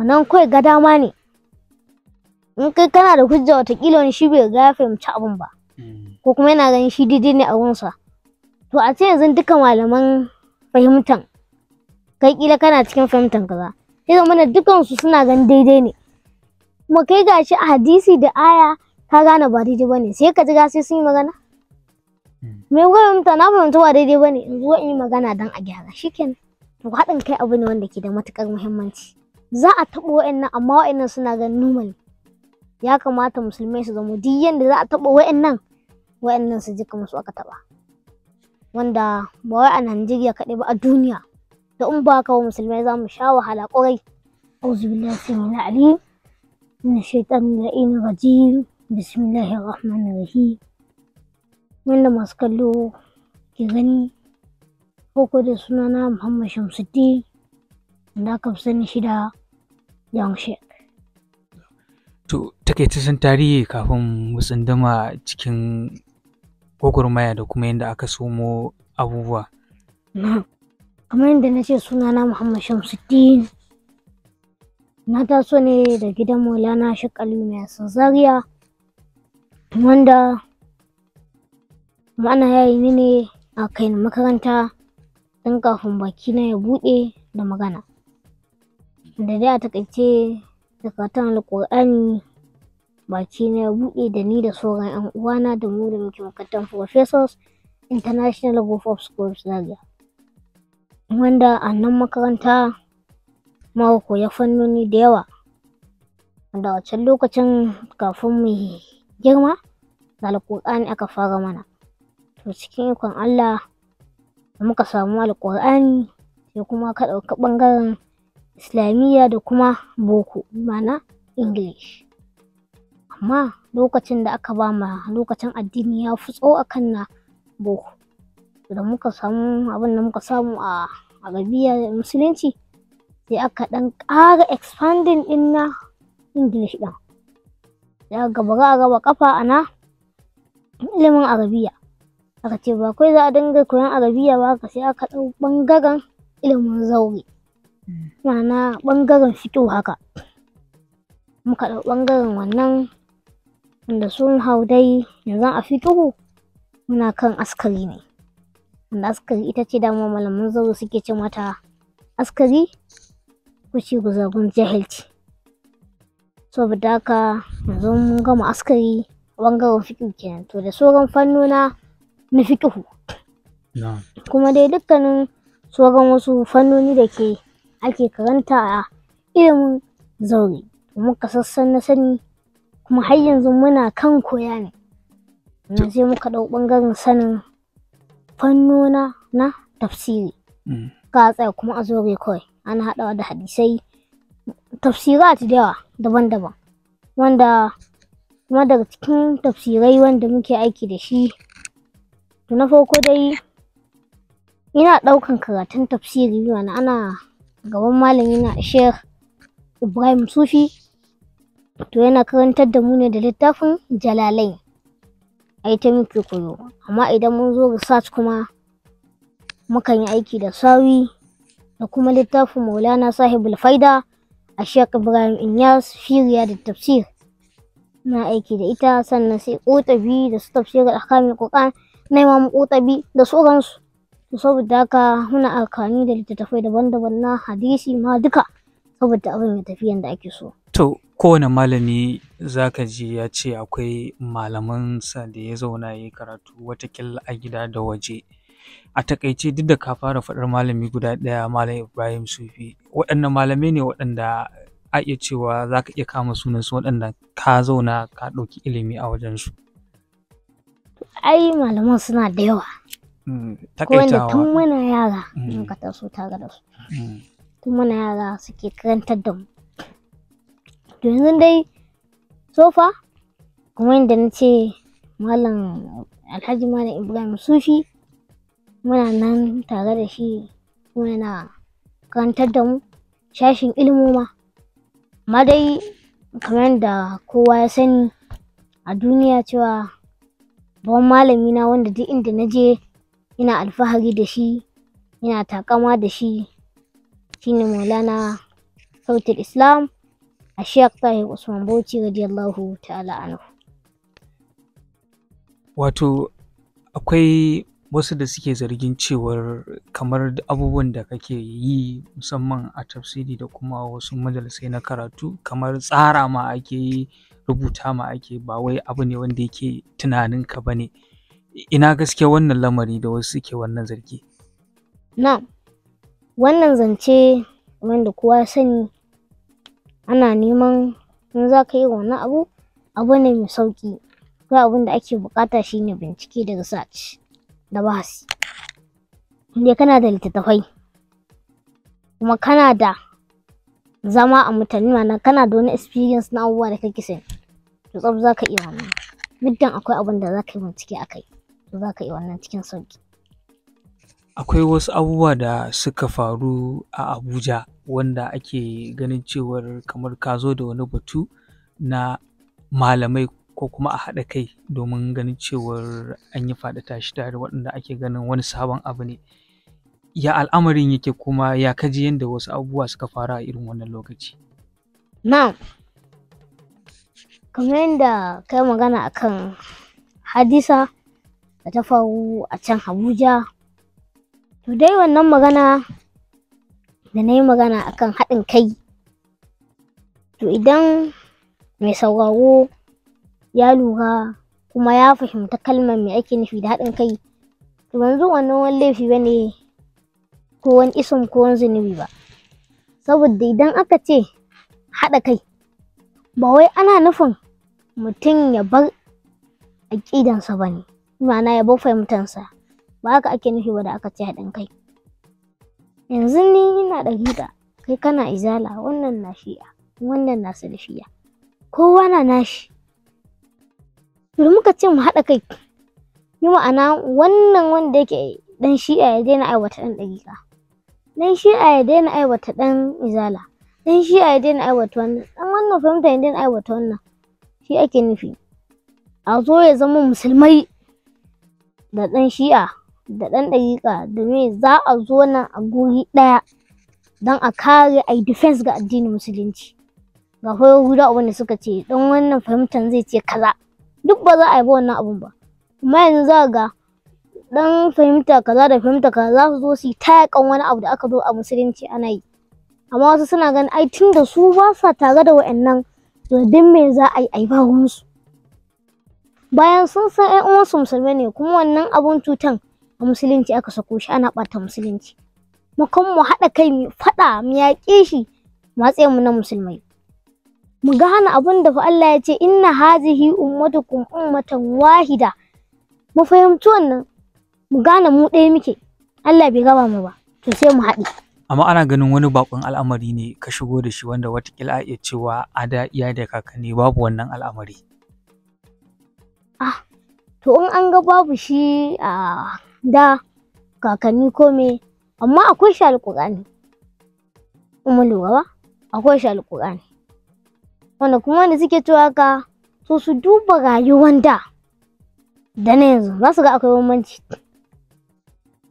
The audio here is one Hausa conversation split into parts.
wannan kawai ga dama ne in kai kana da hujja watakila wani shi bai ga ya fahimci abin ba ko kuma yana ganin shi daidai ne a gunsa to a ce yanzu duka malaman fahimtan kai kila kana cikin fahimtan kaza sai zama na dukansu suna ganin daidai ne kuma kai gashi a hadisi da aya ka gane ba daidai ba ne sai ka ji sai sun yi magana me ko fahimta na fahimta ba daidai ba ne in zo in yi magana don a gyara shikenan to haɗin kai abu ne wanda ke da matuƙar muhimmanci za a taɓa wa'annan amma wa'annan suna ganin normal ya kamata musulmai su zama duk yanda za a taɓa wa'annan wa'annan su ji kamar su aka taɓa wanda ba wai a Najeriya kaɗai ba a duniya da in ba kawo musulmai za mu sha wahala ƙwarai أعوذ بالله السميع ali من shaitan اللعين الرجيم بسم الله الرحمن wanda masu kallo ke gani ko da sunana Muhammad Shamsuddin da aka fi sani shida Yongshek. To, takaitaccen tarihi kafin mu tsindima cikin gwagwarmaya da kuma yadda aka somo abubuwa. Kamar yadda na ce sunana Muhammad Shamsuddin. Na taso ne da gidan Maulana Shakalu mai Zaria wanda ma'ana yi ne a kai makaranta don kafin baki na ya buɗe da magana. da dai a takaice zakatan alƙur'ani baki na ya buɗe da ni da sauran 'yan uwana da mu da muke makarantar professors international group of schools zaria wanda a nan makaranta muka koya fannoni da yawa wanda a can lokacin kafin mu girma da alƙur'ani aka fara mana to cikin ikon Allah da muka samu alƙur'ani sai kuma ka ɗauki ɓangaren islamiyya da kuma boko mana english amma lokacin da aka ba ma lokacin addini ya fi a akan na boko da muka samu abin da muka samu a arabiya da musulunci sai aka dan ƙara expanding din na english din ya gaba a raba kafa a na ilimin arabiya aka ce ba kai za a dinga koyon arabiya ba ka sai aka ɗau ɓangaren ilimin zaure Mana ɓangaren fito haka muka ɗau ɓangaren wannan wanda sun hau dai yanzu a fito muna kan askari ne wanda askari ita ce dama malaman zauro suke ce mata askari ce guzagun jahilci saboda haka yanzu mun gama askari ɓangaren fito kenan to da sauran fannona na fito kuma dai dukkanin sauran wasu fannoni da ke ake karanta a ilimin zaure Muka sassan na sani kuma har yanzu muna kan koya ne na sai muka ɗau ɓangaren sanin fannona na tafsiri ka mm. tsaya kuma a zore kawai ana haɗawa da hadisai tafsirat da yawa daban-daban wanda kuma daga cikin tafsirai wanda muke aiki da shi to na farko dai ina ɗaukan karatun tafsiri wani ana gaban malami na Sheikh Ibrahim Sufi to yana karantar da mu ne da littafin Jalalai ai ta muke koyo amma idan mun zo research kuma mukan yi aiki da sawi da kuma littafin Maulana Sahibul Faida a Sheikh Ibrahim Inyas Firiya da tafsir na aiki da ita sannan sai kotabi da su tafsirar ahkamul kokan na Imam Kotabi da sauransu saboda haka muna alkani da littattafai daban-daban na hadisi ma duka saboda abin ya tafi yadda ake so. To kowane malami za ka ji ya ce akwai malamansa da ya zauna ya yi karatu watakila a gida da waje. A takaice duk da ka fara faɗar malami guda ɗaya Malam Ibrahim Sufi waɗannan malamai ne waɗanda a iya cewa za ka iya kama sunansu waɗanda ka zauna ka ɗauki ilimi a wajensu. Ai malaman suna da yawa. ko tun muna yara mm. muka taso tare da su mm. tun mana yara suke karantar da mu to yanzu dai sofa kuma yadda na ce malam alhaji malam ibrahim sufi muna nan tare da shi kuma yana karantar da mu shashin ilmoma amma dai kamar da kowa ya sani a duniya cewa babban malami na wanda duk inda na je Ina alfahari da shi Ina takama da shi shine maulana sautul islam a sheikh tahir usman bauchi radiyallahu ta'ala anhu wato akwai wasu da suke zargin cewar kamar abubuwan da kake yi musamman a tafsiri da kuma wasu majalisai na karatu kamar tsara ma ake yi rubuta ma ake ba wai abu ne wanda yake tunaninka ba ne ina gaske wannan lamari da wasu suke wannan zargi na wannan zance wanda kowa sani ana neman in za ka yi wani abu abu ne mai sauƙi akwai abin da ake buƙata ne bincike da research da bahasi inda kana da littattafai kuma kana da zama a mutane mana kana da wani experience na abubuwa da kake sani to tsaf za ka iya wannan muddin akwai abin da za ka yi bincike a kai za ka yi wannan cikin sauki. Akwai wasu abubuwa da suka faru a Abuja wanda ake ganin cewar kamar ka zo da wani batu na malamai ko kuma a haɗa kai domin ganin cewar an yi faɗi tashi tare waɗanda ake ganin wani sabon abu ne. Ya al'amarin yake kuma ya kaji yadda wasu abubuwa suka faru a irin wannan lokaci. Na'am. Kamar yadda kai magana akan hadisa da ta faru a can Abuja. To dai wannan magana da na yi magana akan haɗin kai. To idan mai sauraro ya lura kuma ya fahimta kalmar mai ake nufi da haɗin kai, to wanzu wannan wani laifi ba ne ko wani isin ko wani zunubi ba. Saboda idan aka ce haɗa kai, ba wai ana nufin mutum ya bar aƙidansa ba ne. ma'ana ya bar fahimtansa ba haka ake nufi ba da aka ce haɗin kai yanzu ni ina ɗariƙa kai kana izala wannan na shi'a wannan na salafiya kowa na nashi to muka ce mu haɗa kai ni ma'ana wannan wanda yake ɗan shi'a ya daina aiwata ɗan ɗariƙa ɗan shi'a ya daina aiwata ɗan izala ɗan shi'a ya daina aiwata wannan ɗan wannan fahimta ya daina aiwata wannan shi ake nufi a zo ya zama musulmai da ɗan shi'a da ɗan ɗariƙa da me za a zo nan a guri ɗaya don a kare a yi defense ga addinin musulunci ga guda abin da suka ce don wannan fahimtar zai ce kaza duk ba za a yi ba wannan abun ba Kuma yanzu za ga dan fahimta kaza da fahimta kaza za su zo su yi tayakan wani abu da aka zo a musulunci ana yi amma wasu suna ganin ai tun da su ba sa tare da wa'annan to don me za a yi ai ba wansu bayan sun san ƴan uwansu musulmai ne kuma wannan abun cutan a musulunci aka sako shi ana ɓata musulunci mu kan mu haɗa kai mu faɗa mu yaƙe shi matsayin mu na musulmai mu gane abin da fa Allah ya ce inna hazihi ummatukum ummatan wahida mu fahimci wannan mu gane mu ɗaya muke Allah bai gaba mu ba to sai mu haɗe amma ana ganin wani bakon al'amari ne ka shigo da shi wanda wata a iya cewa a da iya da kakanni babu wannan al'amari ah to in an ga babu shi a da kakanni ko me amma akwai shi alƙur'ani kuma lura ba akwai shi alƙur'ani wanda kuma wanda suke cewa ka so su duba rayuwan da da na yanzu za su ga akwai bambanci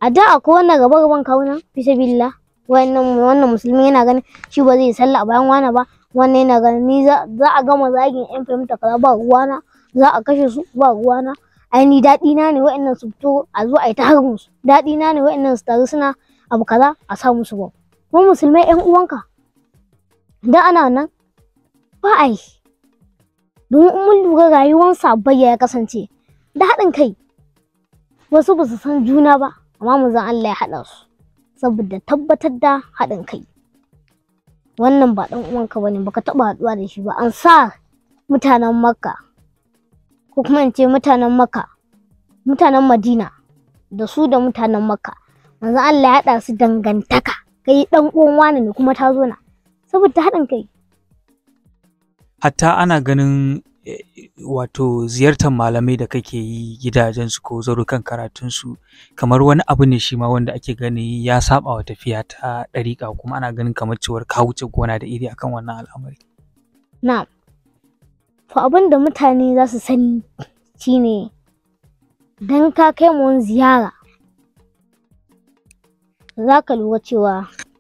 a da akwai wannan gaba-gaban kawunan fisa biLla. wannan musulmi yana ganin shi ba zai sallah bayan wani ba wannan yana ganin ni za a gama zagin yan fahimta kaza ba ruwana za a kashe su ba ruwana aini daɗi na ne wa'annan su fito a zo a yi ta daɗi na ne wa'annan su taru suna abu kaza a sa musu ba mu musulmai ƴan uwanka da ana nan ba ai mun lura rayuwar sabbai ya kasance da haɗin kai wasu ba su san juna ba amma zan Allah ya haɗa su saboda tabbatar da haɗin kai wannan ba ɗan uwanka bane baka taɓa haɗuwa da shi ba an sa mutanen makka ko kuma mutanen Makka mutanen Madina da su da mutanen Makka manzo Allah ya haɗa su dangantaka kai dan uwan wani ne kuma ta zo na saboda haɗin kai hatta ana ganin e, wato ziyartar malamai da kake yi gidajensu ko zarukan karatunsu kamar wani abu ne shi ma wanda ake gani ya saba wa tafiya ta ɗariƙa kuma ana ganin kamar cewar ka wuce gona da iri akan wannan al'amari na'am To abin da mutane za su sani shine don ka kai mu wani ziyara za ka lura cewa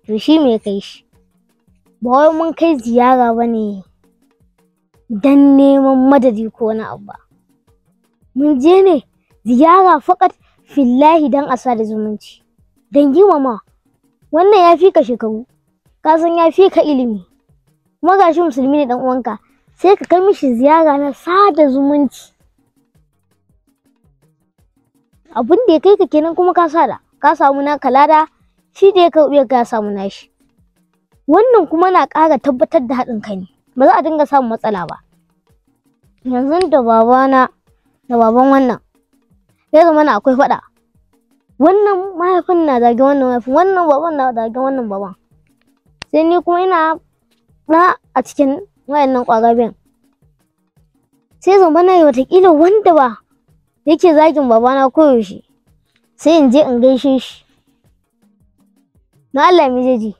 to shi mai kai shi ba wai mun kai ziyara ba ne don neman madadi ko wani abu ba mun je ne ziyara fakat fillahi don a da zumunci don ma, wannan ya fi ka shekaru ka san ya fi ka ilimi kuma shi musulmi ne dan uwanka sai ka kai mishi ziyara na sada zumunci abin da ya kai ka kenan kuma ka sada ka samu na kalada shi da ya karɓi ka samu nashi wannan kuma na ƙara tabbatar da haɗin kai ne ba za a dinga samun matsala ba yanzu da babana da baban wannan ya zama na akwai faɗa wannan mahaifin na zage wannan mahaifin wannan baban na zage wannan baban sai ni kuma ina na a cikin wayannan ƙwararren sai zama yi watakila wanda ba yake zagin babana koyaushe sai in je in gaishe shi na Allah mai jeji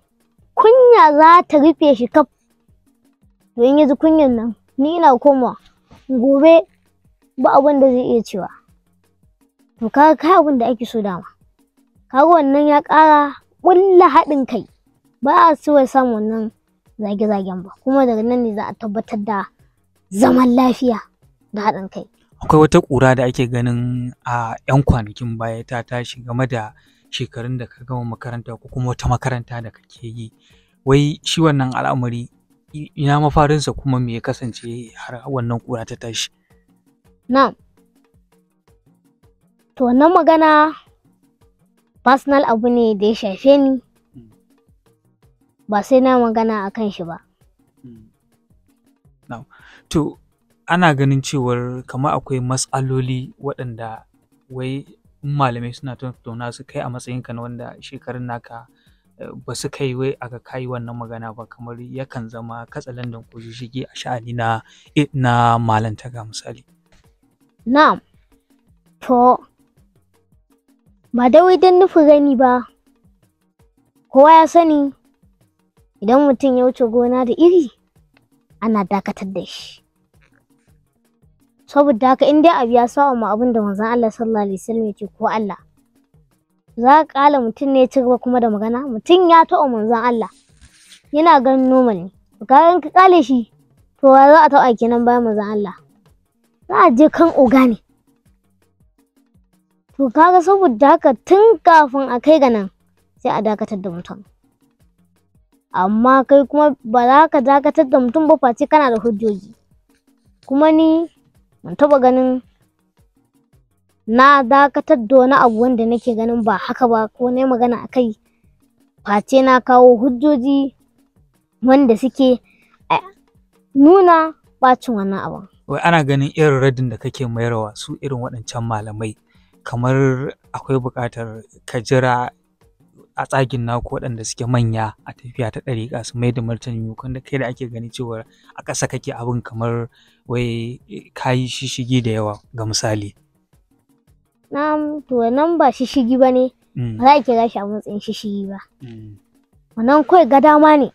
kunya za ta rufe shi kaf to in yaji kunyan nan ni ina komawa. gobe ba abin zai iya cewa to kaga kai abin da ake so dama kaga wannan ya ƙara ƙulla haɗin kai ba a so ya samu wannan zage-zagen ba kuma daga nan ne za a tabbatar da zaman lafiya da haɗin kai akwai wata ƙura da ake ganin a 'yan kwanakin baya ta tashi game da shekarun da ka gama makaranta ko kuma wata makaranta da kake yi wai shi wannan al'amari ina mafarinsa kuma me ya kasance har wannan ƙura ta tashi na'am to wannan magana personal abu ne da ya shafe ni ba sai na magana a kan shi ba. Hmm. To, ana ganin cewar kamar akwai matsaloli waɗanda wai malamai suna tattauna su kai a matsayinka na wanda shekarun naka eh, ba su kai wai aka kai wannan magana ba kamar yakan zama landan ko shige a sha'ani na eh, na malanta ga misali. Na'am. To ba dawai don nufi gani ba. Kowa ya sani idan mutum ya wuce gona da iri ana dakatar da shi saboda haka in dai abu ya sawa mu abin da manzon Allah sallallahu alaihi wasallam yake ko Allah za ka kala mutum ne ya ci gaba kuma da magana mutum ya taɓa manzon Allah yana ganin noma ne ka ka kale shi to wa za a taɓa kenan bayan manzon Allah za a je kan oga ne to kaga saboda haka tun kafin a kai ga nan sai a dakatar da mutum amma kai kuma ba za ka dakatar da mutum ba face kana da hujjoji kuma ni ban taɓa ganin na dakatar da wani abu wanda nake ganin ba haka ba ko na magana a kai face na kawo hujjoji wanda suke nuna bacin wannan abin. Wai ana ganin irin radin da kake mayarwa su irin waɗancan malamai kamar akwai buƙatar ka jira a tsagin naku waɗanda suke manya a tafiya ta ka su mai da martani maimakon da kai da ake gani cewa a ƙasa kake abin kamar wai kayi shishigi da yawa ga misali. Na'am to nan ba shishigi ba ne mm. ba za a kira shi a matsayin shishigi ba. Mm. Wannan kawai ga dama ne.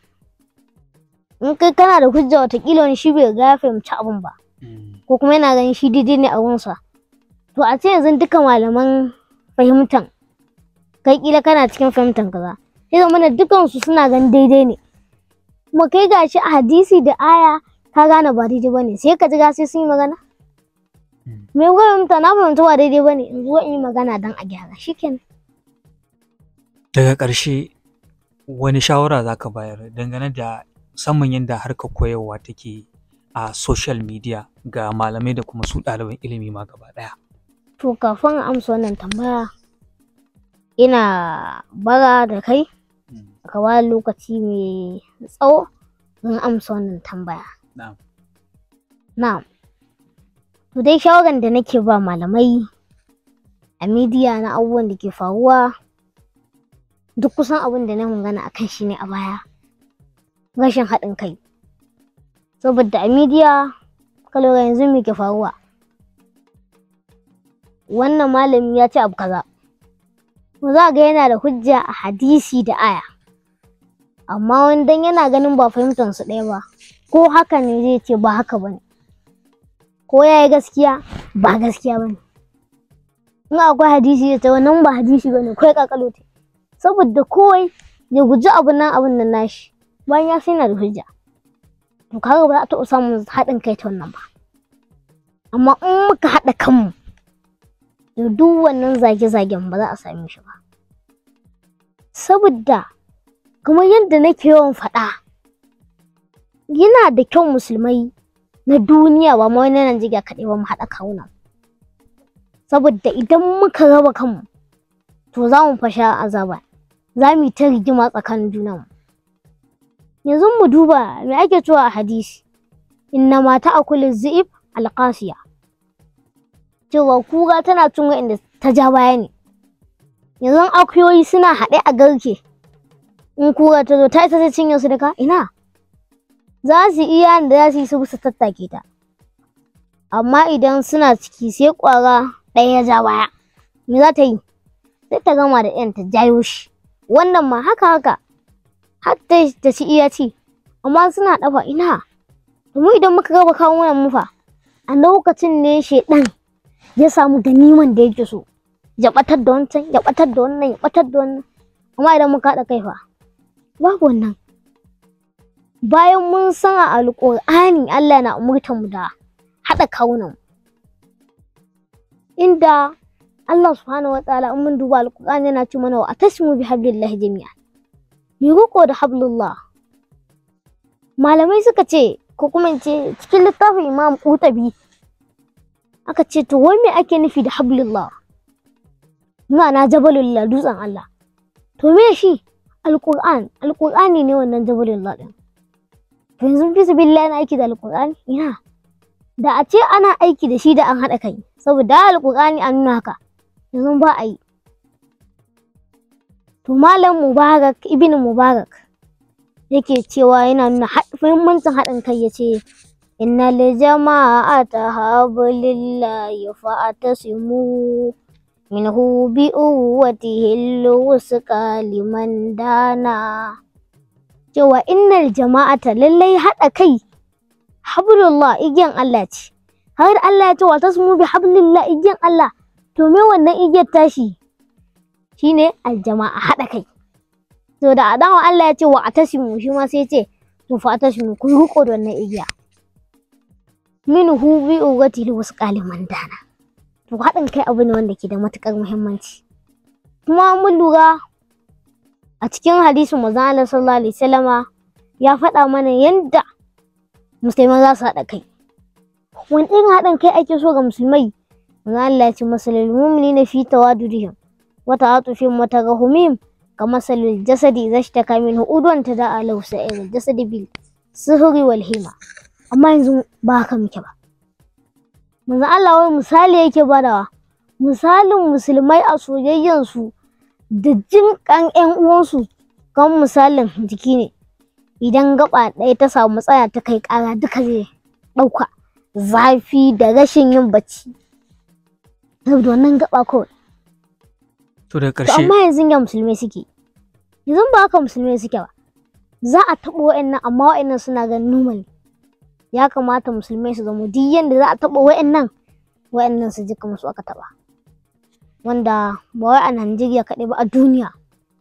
In kai kana da hujja watakila wani shi bai ga ya fahimci abin ba. Mm. Ko kuma yana ganin shi daidai ne a wunsa. To a ce yanzu duka malaman fahimtan kai kila kana cikin fahimtar kaza sai zama na dukansu suna ganin daidai ne kuma kai gashi a hadisi da aya ka gane ba daidai bane sai ka ji sai sun yi magana hmm. me kuka ta na fahimta ba daidai bane in zo in yi magana dan a gyara shikenan daga ƙarshe wani shawara za ka bayar dangane da saman yadda harkar koyarwa take a social media ga malamai da kuma su ɗaliban ilimi ma gaba ɗaya to kafin amsa wannan tambaya ina bara da kai mm. ka ba lokaci mai tsawo don amsa wannan tambaya na'am to dai shawaran da nake ba malamai a midiya na abubuwan da ke faruwa duk kusan abin da na gana a kan shi ne a baya rashin haɗin kai saboda a midiya kalora yanzu me ke faruwa wannan malami ya ce abu kaza za ga yana da hujja a hadisi da aya amma wani dan yana ganin ba fahimtar su ɗaya ba ko haka ne zai ce ba haka bane ko ya yi gaskiya ba gaskiya bane in akwai hadisi ya ce wannan ba hadisi bane kai kakalo te saboda kowai ya guji abu nan abun nan nashi bayan ya sai na da hujja to kaga ba za a taɓa samun haɗin kai ta wannan ba amma in muka haɗa kanmu duk wannan zage-zagen ba za a same shi ba saboda kuma yadda nake yawan faɗa yana da kyau musulmai na duniya ba ma wani Najeriya kaɗai ba mu haɗa kawuna saboda idan muka raba kanmu to za mu fasha azaba za mu yi ta rigima tsakanin mu. yanzu mu duba mai ake cewa a hadisi inna mata akulu zi'ib alƙasiya. cewa kura tana cin inda ta ja baya ne yanzu akuyoyi suna haɗe a garke in kura ta zo ta isa sai cinye su duka ina za su iya da za su yi su tattake ta amma idan suna ciki sai ƙwara ɗaya ya ja baya me za ta yi sai ta gama da ɗayan ta jayo shi wannan ma haka haka har ta ci iya ci amma suna dafa. ina mu idan muka gaba kawo wannan mufa a lokacin ne shedan ya samu ganiman da yake so ya batar da wancan ya batar da wannan ya batar da wannan amma idan muka haɗa kai fa babu wannan bayan mun san a alƙur'ani Allah na umurtar mu da haɗa kaunan inda Allah subhanahu ta'ala in mun duba alƙur'ani yana ce mana wa atasmu bi hablillah jami'a mi riko da hablullah malamai suka ce ko kuma in ce cikin littafin Imam Qutabi aka ce to wai me ake nufi da hablillah ma'ana jabalullah dutsen Allah to me shi alquran alqurani ne wannan jabalullah din to yanzu fi billahi na aiki da alqurani ina da a ce ana aiki da shi da an haɗa kai saboda alqurani an nuna haka yanzu ba a yi to malam mubarak ibn mubarak yake cewa yana nuna muhimmancin haɗin kai ya ce إن الجماعة حبل الله فاعتصموا منه بقوته الوسقى liman dana. Cewa innal jama'ata lallai haɗa kai, hablullah igiyan Allah ce, har Allah ya ce wa tasmu bi hablillah igiyan Allah, to me wannan igiyar tashi shine aljama'a haɗa kai. To da adawa Allah ya ce wa atasimu shi sai ce ku igiya. hu bi ugati lu wasu kaliman dana to haɗin kai abu ne wanda ke da matukar muhimmanci kuma mun lura a cikin hadisin manzon sallallahu alaihi wasallama ya faɗa mana yanda musulmai za su haɗa kai wani irin haɗin kai ake so ga musulmai manzon Allah ya ce masalul mu'minina fi tawadudihim wa ta'atufihim wa tarahumihim كمثل الجسد minhu udwan tada'a lahu sa'ir jasadi bil suhuri wal walhima. amma yanzu ba haka muke ba manzo Allah wai misali yake badawa misalin musulmai a soyayyansu da jin kan ƴan uwansu kan misalin jiki ne idan gaba ɗaya ta samu matsala ta kai ƙara duka zai ɗauka zafi da rashin yin bacci saboda wannan gaba kawai to da ƙarshe amma yanzu ya musulmai suke yanzu ba haka musulmai suke ba za a taɓo nan amma nan suna ganin normal ya kamata musulmai su zama duk yanda za a taɓa wa'annan wa'annan su ji kamar su aka taɓa wanda ba wai a Najeriya kaɗai ba a duniya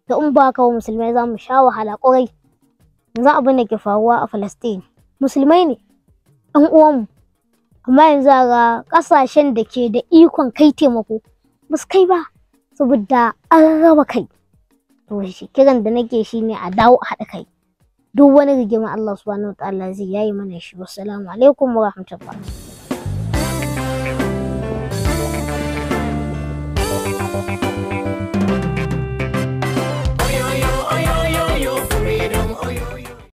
da in ba kawo musulmai za mu sha wahala ƙwarai yanzu abin da ke faruwa a Falastin musulmai ne ɗan uwanmu amma yanzu ga ƙasashen da ke da ikon kai taimako ba su kai ba saboda an raba kai to shi kiran da nake shi ne a dawo a haɗa kai duk wani rigimar Allah subhanahu wata'ala zai yayi mana shi wassalamu alaikum wa